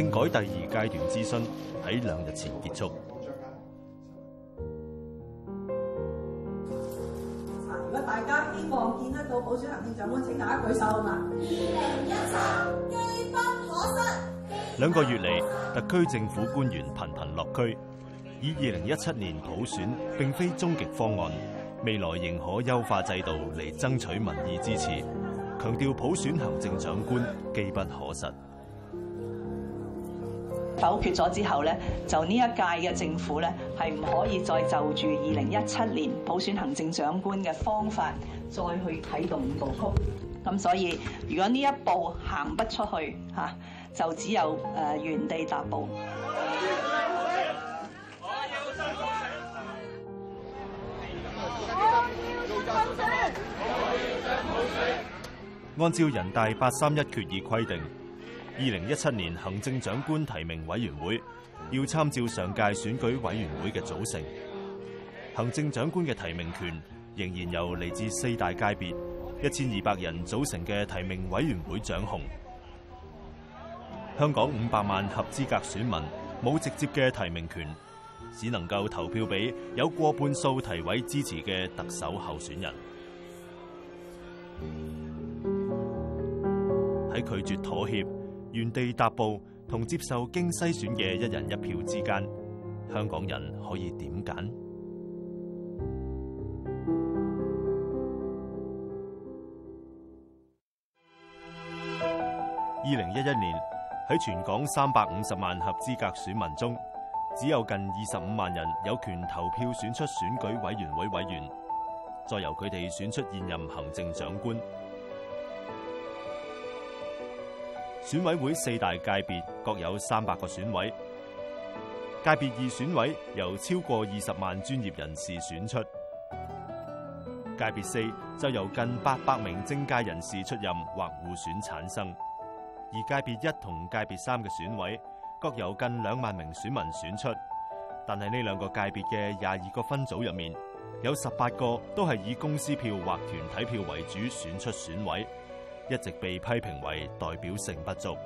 政改第二階段諮詢喺兩日前結束。如果大家希望見得到普選行政長官，請大家舉手啊！二零一七，機不可失。兩個月嚟，特區政府官員頻頻落區，以二零一七年普選並非終極方案，未來仍可優化制度嚟爭取民意支持，強調普選行政長官機不可失。否決咗之後咧，就呢一屆嘅政府咧，係唔可以再就住二零一七年普選行政長官嘅方法再去啟動五步曲。咁所以，如果呢一步行不出去嚇，就只有誒原地踏步。我要上普選，我要上普選，我要上普選。按照人大八三一決議規定。二零一七年行政長官提名委員會要參照上屆選舉委員會嘅組成，行政長官嘅提名權仍然由嚟自四大界別一千二百人組成嘅提名委員會掌控。香港五百萬合資格選民冇直接嘅提名權，只能夠投票俾有過半數提委支持嘅特首候選人。喺拒絕妥協。原地踏步同接受經篩選嘅一人一票之間，香港人可以點揀？二零一一年喺全港三百五十萬合資格選民中，只有近二十五萬人有權投票選出選舉委員會委員，再由佢哋選出現任行政長官。選委會四大界別各有三百個選委，界別二選委由超過二十萬專業人士選出，界別四就由近八百名政界人士出任或互選產生，而界別一同界別三嘅選委各有近兩萬名選民選出，但係呢兩個界別嘅廿二個分組入面，有十八個都係以公司票或團體票為主選出選委。一直被批評為代表性不足。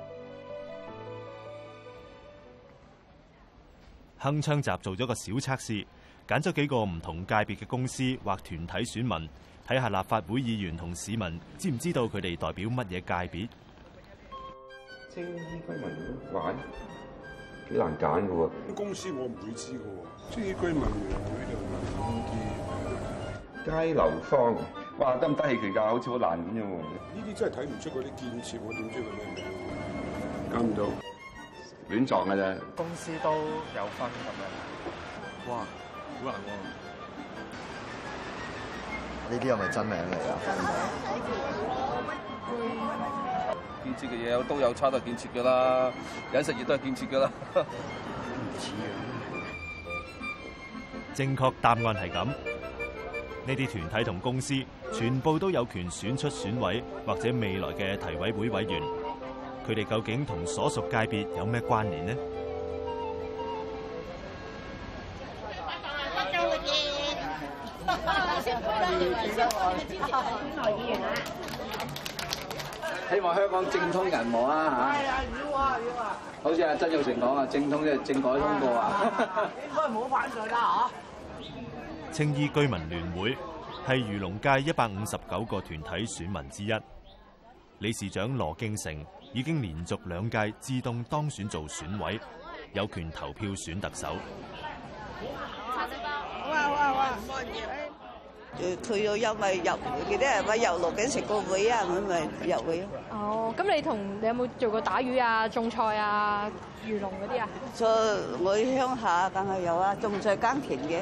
鏗鏘集做咗個小測試，揀咗幾個唔同界別嘅公司或團體選民，睇下立法會議員同市民知唔知道佢哋代表乜嘢界別？青衣居民玩，幾難揀嘅喎。公司我唔會知嘅喎。青衣居民會就揾啲街樓坊。哇，得唔得起其價，好似好難咁樣。呢啲真係睇唔出嗰啲建設，我點知佢咩名？搞唔到，亂撞嘅啫。公司都有分咁樣，哇，好難喎！呢啲係咪真名嚟啊？ 建設嘅嘢都有差，都係建設㗎啦。飲食業都係建設㗎啦。唔似啊！正確答案係咁。呢啲團體同公司全部都有權選出選委或者未來嘅提委會委員，佢哋究竟同所屬界別有咩關聯呢拜拜拜拜拜拜？希望香港政通人和啦嚇。係啊，繞話繞話。好似阿曾鈺成講啊，政通即係政改通過啊。應該唔好反對啦嚇。啊青衣居民聯會係漁農界一百五十九個團體選民之一，理事長羅敬成已經連續兩屆自動當選做選委，有權投票選特首。好啊！好咪入，啲人咪入落緊食個會啊！咪咪入會哦，咁你同你有冇做過打魚啊、種菜啊、漁農嗰啲啊？在我鄉下梗係有啊，種菜耕田嘅。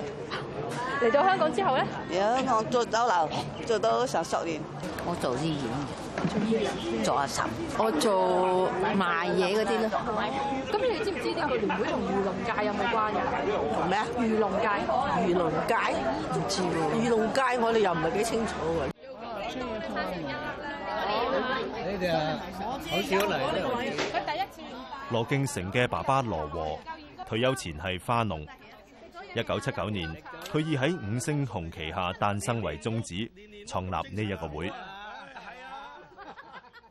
嚟到香港之後咧，而家我做酒樓，做到成十年。我做醫院做醫院，做阿嬸。我做賣嘢嗰啲咯。咁你知唔知呢個聯會同漁農界有冇關嘅？同咩啊？漁農界漁農界。漁農界。唔知喎。漁農界我哋又唔係幾清楚喎。哦。你哋啊，好少嚟。我知。第一次。羅敬成嘅爸爸羅和退休前係花農。一九七九年，佢以喺五星紅旗下誕生為宗旨，創立呢一個會。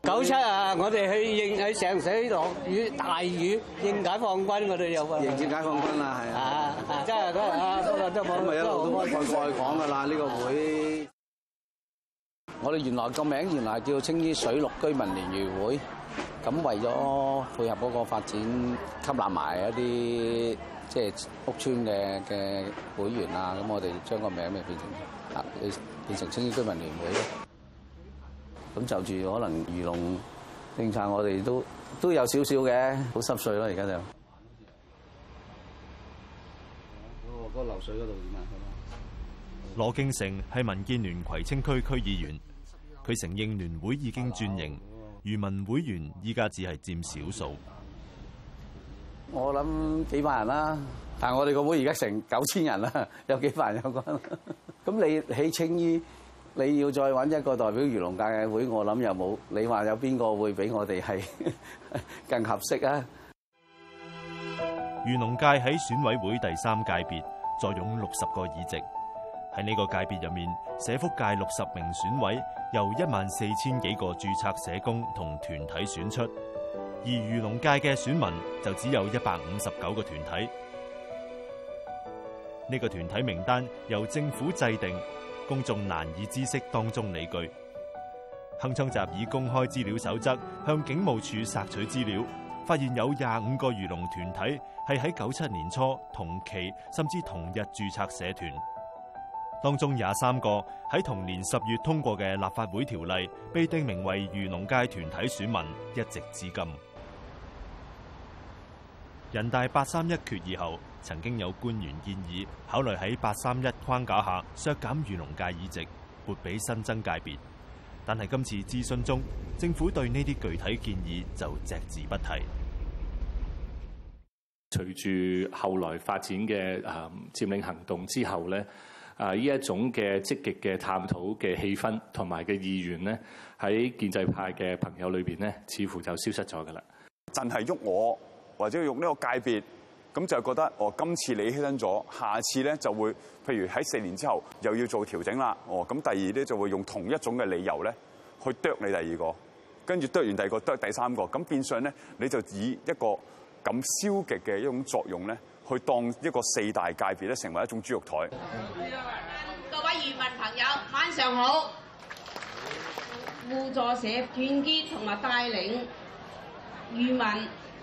九七啊，我哋去應去上水落雨大雨應解放軍，我哋有啊。迎接解放軍啊，係啊，真係嗰日啊，都冇。因為一路都開過講噶啦，呢個會。我哋原來個名原來叫青衣水陸居民聯誼會，咁為咗配合嗰個發展，吸納埋一啲。即係屋邨嘅嘅會員啊，咁我哋將個名咪變成嚇，變成青衣居民聯會咯。咁就住可能漁農政策，我哋都都有少少嘅，好濕碎咯，而家就。嗰個流水嗰度點啊？羅競成係民建聯葵青區區議員，佢承認聯會已經轉型，漁民會員依家只係佔少數。我諗幾萬人啦、啊，但係我哋個會而家成九千人啦、啊，有幾萬人有㗎、啊。咁你起青衣，你要再揾一個代表漁農界嘅會，我諗又冇。你話有邊個會比我哋係更合適啊？漁農界喺選委會第三界別坐擁六十個議席，喺呢個界別入面，社福界六十名選委由一萬四千幾個註冊社工同團體選出。而漁農界嘅選民就只有一百五十九個團體，呢個團體名單由政府制定，公眾難以知悉當中理據。鏗鏘集以公開資料守則向警務處索取資料，發現有廿五個漁農團體係喺九七年初同期甚至同日註冊社團，當中廿三個喺同年十月通過嘅立法會條例被定名為漁農界團體選民，一直至今。人大八三一決議後，曾經有官員建議考慮喺八三一框架下削減漁農界議席，撥俾新增界別。但係今次諮詢中，政府對呢啲具體建議就隻字不提。隨住後來發展嘅誒佔領行動之後呢，啊呢一種嘅積極嘅探討嘅氣氛同埋嘅意願呢喺建制派嘅朋友裏邊呢，似乎就消失咗噶啦。真係喐我！或者用呢個界別，咁就覺得哦，今次你犧牲咗，下次咧就會，譬如喺四年之後又要做調整啦，哦，咁第二咧就會用同一種嘅理由咧，去剁你第二個，跟住剁完第二個剁第三個，咁變相咧你就以一個咁消極嘅一種作用咧，去當一個四大界別咧成為一種豬肉枱。各位漁民朋友晚上好，互助社團結同埋帶領漁民。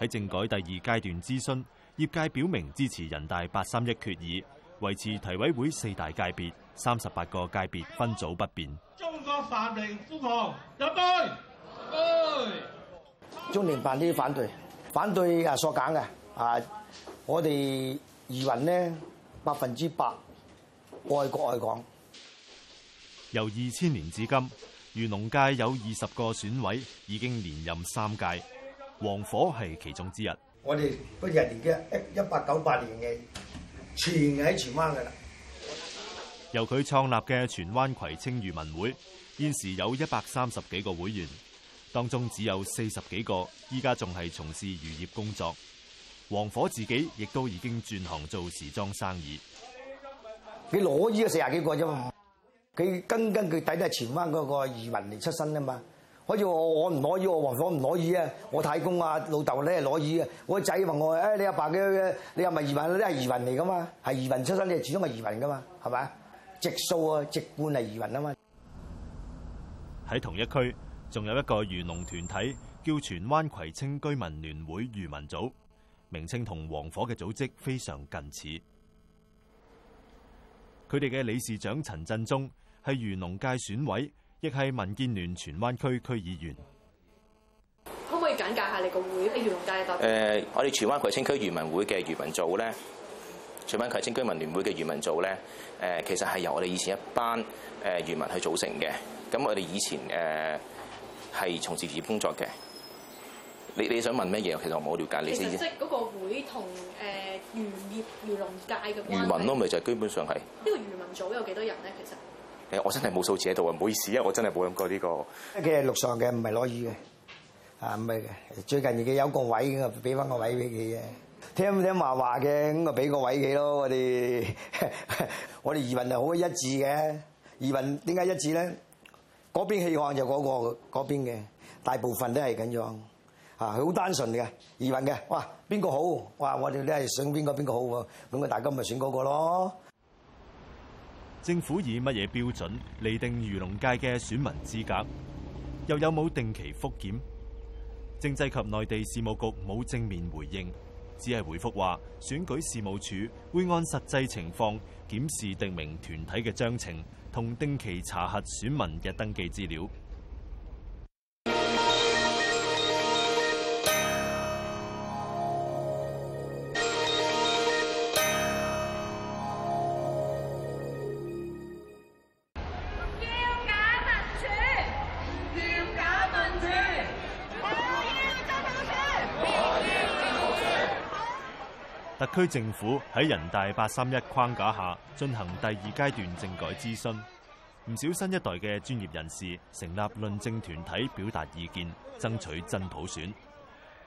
喺政改第二階段諮詢，業界表明支持人大八三一決議，維持提委會四大界別三十八個界別分組不變。中國繁榮富強，入杯！杯！中聯辦啲反對，反對啊！所講嘅啊，我哋二雲呢，百分之百愛國愛港。由二千年至今，漁農界有二十個選委已經連任三屆。黃火係其中之一。我哋嗰日年嘅一八九八年嘅，全喺荃灣噶啦。由佢創立嘅荃灣葵青漁民會，現時有一百三十幾個會員，當中只有四十幾個，依家仲係從事漁業工作。黃火自己亦都已經轉行做時裝生意。你攞呢個四十幾個啫嘛？佢根根據底都係荃灣嗰個漁民嚟出身啊嘛。好似我我唔攞耳，我黃火唔攞耳啊！我太公啊、老豆咧係攞耳啊。我仔話我，誒你阿爸嘅，你又咪移民？嗰啲係移民嚟噶嘛？係移，移民出身，你始終係移民噶嘛？係咪啊？直數啊，直觀係移民啊嘛！喺同一區，仲有一個漁農團體叫荃灣葵青居民聯會漁民組，名稱同黃火嘅組織非常近似。佢哋嘅理事長陳振中係漁農界選委。亦係民建聯荃灣區區議員，可唔可以簡介下你個會？喺漁農界特別。誒、呃，我哋荃灣葵青區漁民會嘅漁民組咧，荃灣葵青區民聯會嘅漁民組咧，誒、呃，其實係由我哋以前一班誒、呃、漁民去組成嘅。咁我哋以前誒係、呃、從事漁業工作嘅。你你想問乜嘢？其實我冇了解你先知。你其實即嗰個會同誒、呃、漁業漁農界嘅漁民咯，咪就係基本上係。呢、這個漁民組有幾多人咧？其實？誒，我真係冇數字喺度啊！唔好意思，因為我真係冇諗過呢個。佢係陸上嘅，唔係攞魚嘅。啊，唔係，最近而家有個位嘅，俾翻個位俾佢嘅。聽唔聽話話嘅咁啊？俾個位佢咯，我哋我哋漁民係好一致嘅。漁民點解一致咧？嗰邊氣象就嗰個嗰邊嘅，大部分都係咁樣。啊，佢好單純嘅漁民嘅。哇，邊個好？哇，我哋啲係選邊個邊個好喎？咁啊，大家咪選嗰個咯。政府以乜嘢標準嚟，定漁農界嘅選民資格？又有冇定期復檢？政制及內地事務局冇正面回應，只係回覆話選舉事務處會按實際情況檢視定名團體嘅章程，同定期查核選民嘅登記資料。特區政府喺人大八三一框架下進行第二階段政改諮詢，唔少新一代嘅專業人士成立論政團體表達意見，爭取真普選。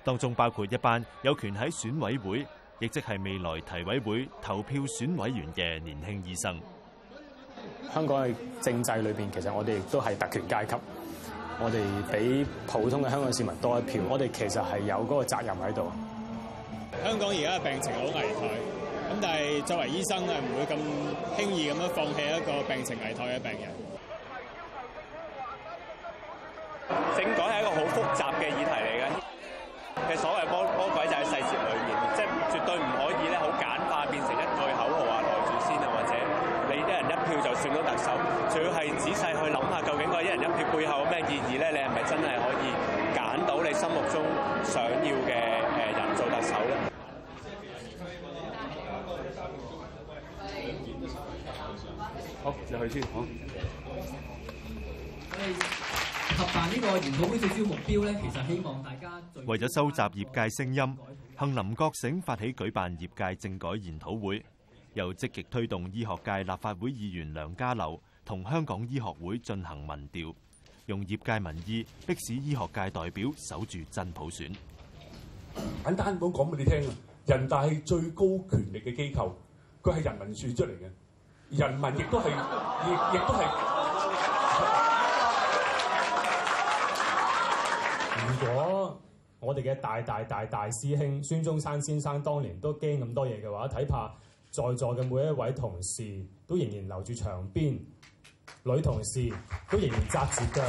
當中包括一班有權喺選委會，亦即係未來提委會投票選委員嘅年輕醫生。香港嘅政制裏邊，其實我哋亦都係特權階級，我哋比普通嘅香港市民多一票，我哋其實係有嗰個責任喺度。香港而家嘅病情好危殆，咁但係作為醫生啊，唔會咁輕易咁樣放棄一個病情危殆嘅病人。政改係一個好複雜嘅議題嚟嘅，其實所謂魔，魔鬼就喺細節裏面，即係絕對唔可以咧好簡化變成一句口號啊，來住先啊，或者你一人一票就算咗特首，仲要係仔細去諗下究竟個一人一票背後有咩意義咧？你係咪真係可以揀到你心目中想要嘅誒人做特首咧？為咗收集業界聲音，杏林覺醒發起舉辦業界政改研討會，又積極推動醫學界立法會議員梁家騮同香港醫學會進行民調，用業界民意迫使醫學界代表守住真普選。簡單講講俾你聽啊，人大係最高權力嘅機構，佢係人民選出嚟嘅。人民亦都係，亦亦都係 。如果我哋嘅大大大大師兄孫中山先生當年都驚咁多嘢嘅話，睇怕在座嘅每一位同事都仍然留住長辮，女同事都仍然紮住腳。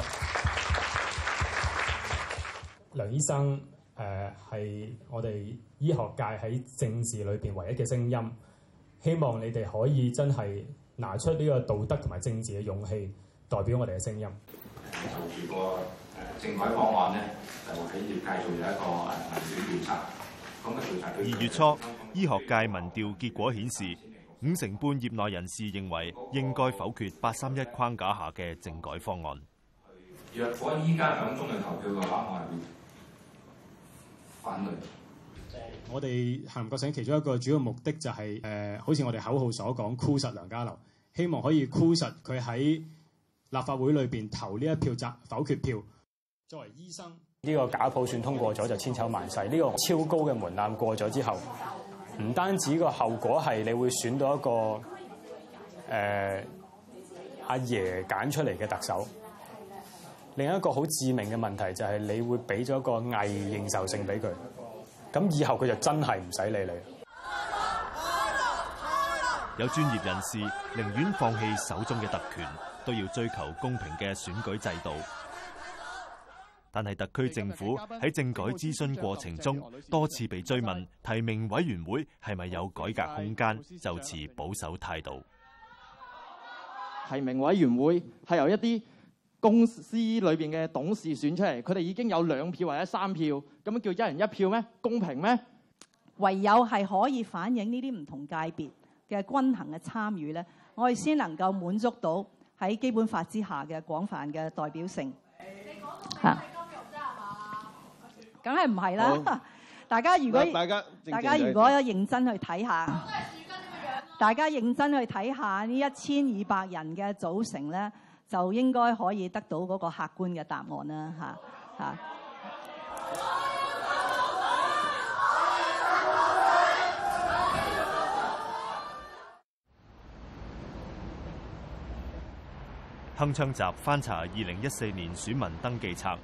梁醫生，誒係、呃、我哋醫學界喺政治裏邊唯一嘅聲音。希望你哋可以真係拿出呢個道德同埋政治嘅勇氣，代表我哋嘅聲音。二月初，醫學界民調結果顯示，五成半業內人士認為應該否決八三一框架下嘅政改方案。若果依家響中嘅投票嘅話，我係反對。我哋杏林覺醒其中一個主要目的就係、是、誒、呃，好似我哋口號所講，箍實梁家樓，希望可以箍實佢喺立法會裏邊投呢一票贊否決票。作為醫生，呢、這個假普選通過咗就千秋萬世。呢、這個超高嘅門檻過咗之後，唔單止這個後果係你會選到一個誒、呃、阿爺揀出嚟嘅特首，另一個好致命嘅問題就係你會俾咗一個偽認受性俾佢。咁以後佢就真係唔使理你。有專業人士寧願放棄手中嘅特權，都要追求公平嘅選舉制度。但係特區政府喺政改諮詢過程中多次被追問，提名委員會係咪有改革空間，就持保守態度。提名委員會係由一啲公司裏邊嘅董事選出嚟，佢哋已經有兩票或者三票，咁樣叫一人一票咩？公平咩？唯有係可以反映呢啲唔同界別嘅均衡嘅參與咧，我哋先能夠滿足到喺基本法之下嘅廣泛嘅代表性。你講到係金融啫係嘛？梗係唔係啦？大家如果大家大家如果有認真去睇下，啊，大家都認真去睇下呢一千二百人嘅組成咧。就應該可以得到嗰個客觀嘅答案啦，嚇、啊、嚇。鏗鏘集翻查二零一四年選民登記冊，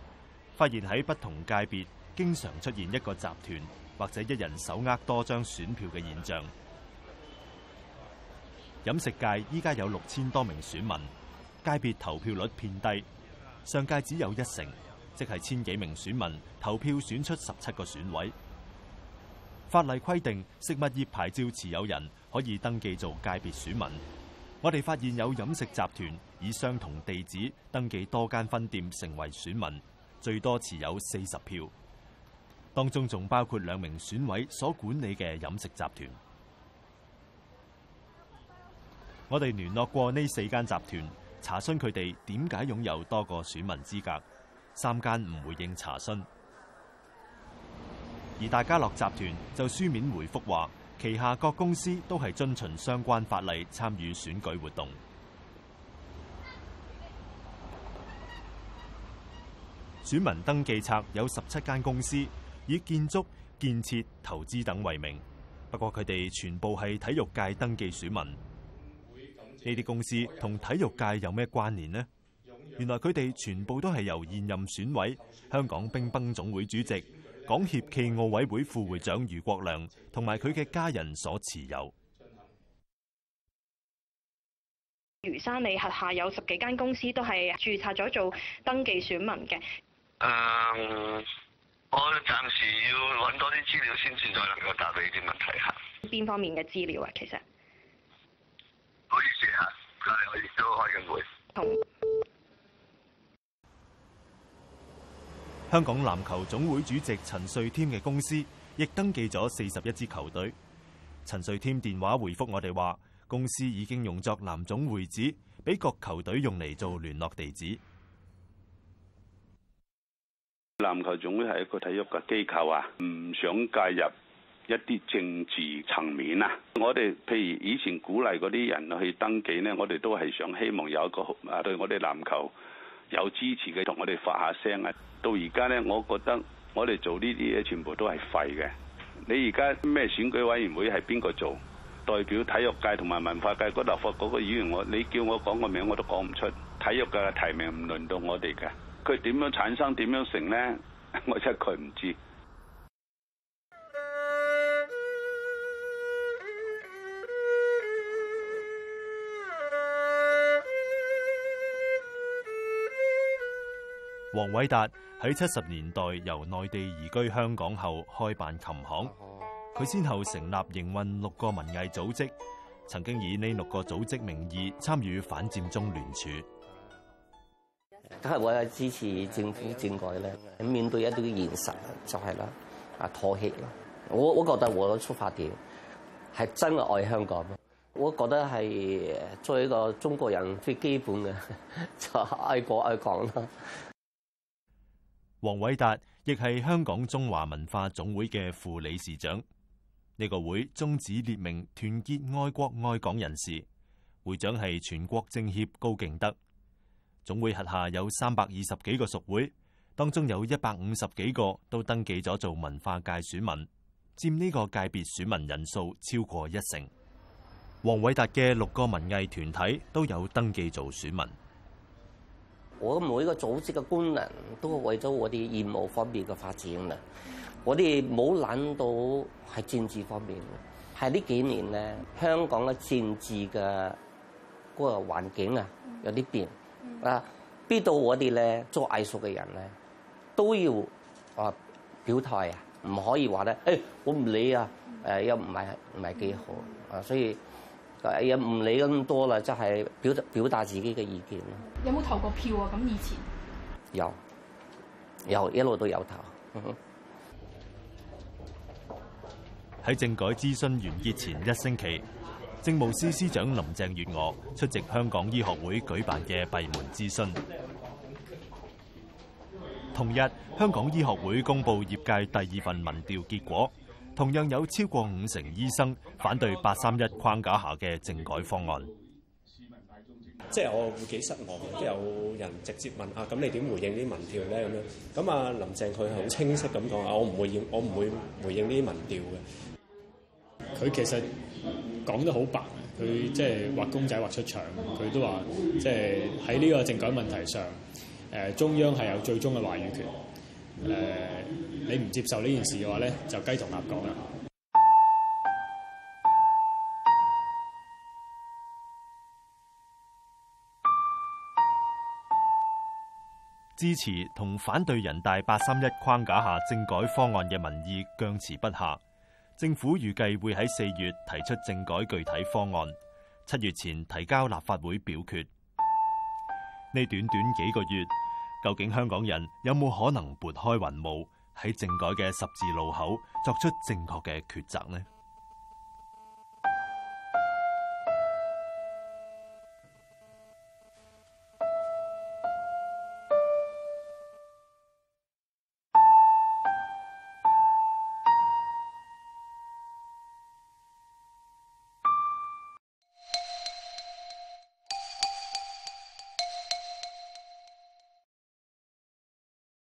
發現喺不同界別經常出現一個集團或者一人手握多張選票嘅現象。飲食界依家有六千多名選民。界別投票率偏低，上屆只有一成，即係千幾名選民投票選出十七個選委。法例規定，食物業牌照持有人可以登記做界別選民。我哋發現有飲食集團以相同地址登記多間分店成為選民，最多持有四十票，當中仲包括兩名選委所管理嘅飲食集團。我哋聯絡過呢四間集團。查詢佢哋點解擁有多個選民資格，三間唔回應查詢，而大家樂集團就書面回覆話，旗下各公司都係遵循相關法例參與選舉活動。選民登記冊有十七間公司，以建築、建設、投資等為名，不過佢哋全部係體育界登記選民。呢啲公司同體育界有咩關聯呢？原來佢哋全部都係由現任選委、香港乒乓總會主席、港協暨奧委會副會長余國亮同埋佢嘅家人所持有。余生里轄下有十幾間公司都係註冊咗做登記選民嘅。Uh, 我暫時要揾多啲資料先算再能夠答到呢啲問題嚇。邊方面嘅資料啊？其實？香港籃球總會主席陳瑞添嘅公司，亦登記咗四十一支球隊。陳瑞添電話回覆我哋話，公司已經用作籃總會址，俾各球隊用嚟做聯絡地址。籃球總會係一個體育嘅機構啊，唔想介入。一啲政治層面啊！我哋譬如以前鼓勵嗰啲人去登記咧，我哋都係想希望有一個啊，對我哋籃球有支持嘅同我哋發下聲啊！到而家咧，我覺得我哋做呢啲嘢全部都係廢嘅。你而家咩選舉委員會係邊個做？代表體育界同埋文化界個立法局個議員，我，你叫我講個名我都講唔出。體育界嘅提名唔輪到我哋嘅，佢點樣產生點樣成咧？我真係佢唔知。黃偉達喺七十年代由內地移居香港後開辦琴行，佢先後成立營運六個文藝組織，曾經以呢六個組織名義參與反佔中聯署。梗係為咗支持政府政改啦，面對一啲現實就係啦，啊妥協咯。我我覺得我嘅出發點係真嘅愛香港，我覺得係做一個中國人最基本嘅就愛國愛港啦。黃偉達亦係香港中華文化總會嘅副理事長。呢個會宗旨列明團結愛國愛港人士，會長係全國政協高敬德。總會轄下有三百二十幾個屬會，當中有一百五十幾個都登記咗做文化界選民，佔呢個界別選民人數超過一成。黃偉達嘅六個文藝團體都有登記做選民。我每個組織嘅功能都係為咗我哋業務方面嘅發展啦。我哋冇諗到係政治方面，係呢幾年咧，香港嘅政治嘅嗰個環境點、嗯嗯、啊，有啲變啊。逼到我哋咧做藝術嘅人咧，都要啊表態不、哎、不啊，唔可以話咧，誒我唔理啊，誒又唔係唔係幾好啊，所以。呀，唔理咁多啦，就係表達表達自己嘅意見。有冇投過票啊？咁以前有，有一路都有投。喺 政改咨詢完結前一星期，政務司司司長林鄭月娥出席香港醫學會舉辦嘅閉門咨詢。同日，香港醫學會公布業界第二份民調結果。同樣有超過五成醫生反對八三一框架下嘅政改方案。即係我會幾失望，即係有人直接問啊，咁你點回應呢啲民調咧？咁樣咁啊，林鄭佢好清晰咁講啊，我唔會應，我唔會回應呢啲民調嘅。佢其實講得好白，佢即係畫公仔畫出腸，佢都話即係喺呢個政改問題上，誒中央係有最終嘅話語權。誒，你唔接受呢件事嘅話呢就雞同鴨講啦。支持同反對人大八三一框架下政改方案嘅民意僵持不下，政府預計會喺四月提出政改具體方案，七月前提交立法會表決。呢短短幾個月。究竟香港人有冇可能撥開雲霧喺政改嘅十字路口作出正確嘅抉擇呢？